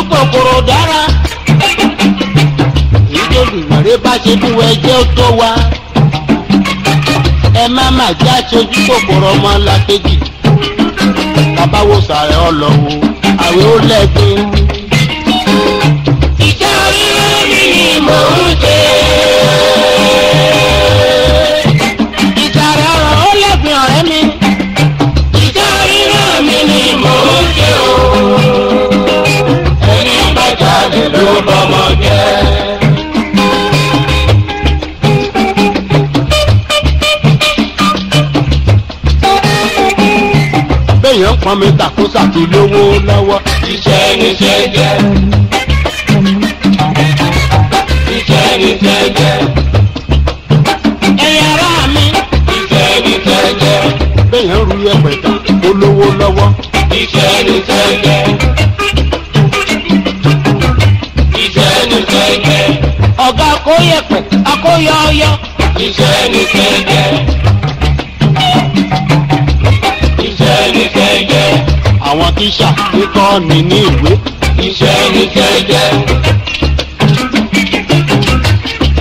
ojú kòkòrò dára ìjọlùwẹ̀rẹ̀ bá ṣe fún ẹjẹ́ tó wa ẹ má má jẹ́ aṣojú kòkòrò ọmọ làkejì bàbá wo sàrẹ̀ ọlọ́wọ́ àwẹ̀ ó lẹ́gbẹ̀ẹ́. ìjà orílẹ̀ mi ni mò ń ṣe. kéèyàn pọn mi tàkúsà ti lówó lọ́wọ́. iṣẹ́ níṣẹ́ jẹ́ iṣẹ́ níṣẹ́ jẹ́. ẹ̀yà ara mi. iṣẹ́ níṣẹ́ jẹ́. kéèyàn ru ẹ̀pẹ̀ tà ó lówó lọ́wọ́. iṣẹ́ níṣẹ́ jẹ́. iṣẹ́ níṣẹ́ jẹ́. ọ̀gá akóyẹ̀pẹ̀ akóyọ̀ọ́yọ́. iṣẹ́ níṣẹ́ jẹ́. àwọn tíṣà tí kọ́ mi ní ìwé. iṣẹ́ níṣẹ́ jẹ́.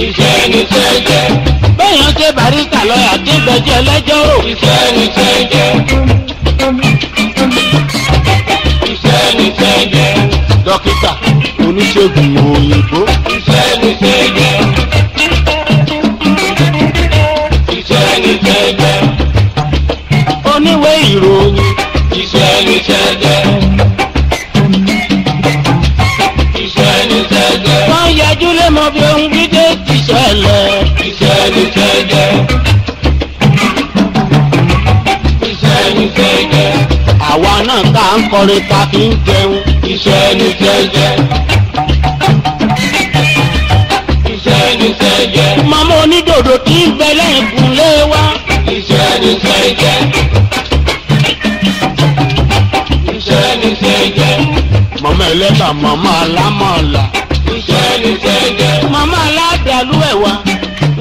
iṣẹ́ níṣẹ́ jẹ́. bẹ́ẹ̀yàn ṣe barista lọ́yà tí gbẹ̀jẹ̀ lẹ́jọ́ o. iṣẹ́ níṣẹ́ jẹ́. iṣẹ́ níṣẹ́ jẹ́. dókítà oníṣègùn òyìnbó. iṣẹ́ níṣẹ́ jẹ́. ṣẹ̀gẹ̀. Iṣẹ́ ni ṣẹ̀gẹ̀. Wọ́n yẹjú lé mọ bí ohun dídé ti ṣẹlẹ̀. Iṣẹ́ ni ṣẹ̀gẹ̀. Iṣẹ́ ni ṣẹ̀gẹ̀. Àwa náà ká ń kọrin ta fi ń jẹun. Iṣẹ́ ni ṣẹ̀gẹ̀. Iṣẹ́ ni ṣẹ̀gẹ̀. Màmá onídòdò tí ń bẹ lẹ́yìn kúnlé wa. Iṣẹ́ ni ṣẹ̀gẹ̀. ẹlẹ́bà màmá alámọ̀ọ́lá. iṣẹ́ ni ṣe jẹ́. màmá aládàlú ẹ̀wà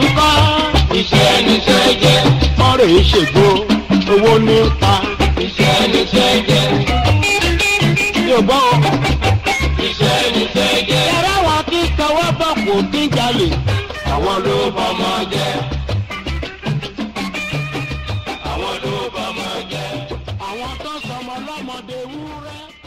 ńkọ́. iṣẹ́ ni ṣe jẹ́. ọ̀rẹ́ ìṣègbò owó ní pa. iṣẹ́ ni ṣe jẹ́. yorùbá o. iṣẹ́ ni ṣe jẹ́. yàrá wọn kí kọwọ́ bọ̀ kò kí n jalè. àwọn ló bọ́mọ jẹ́. àwọn ló bọ́mọ jẹ́. àwọn tó sọmọ lọ́mọdé wúrẹ́.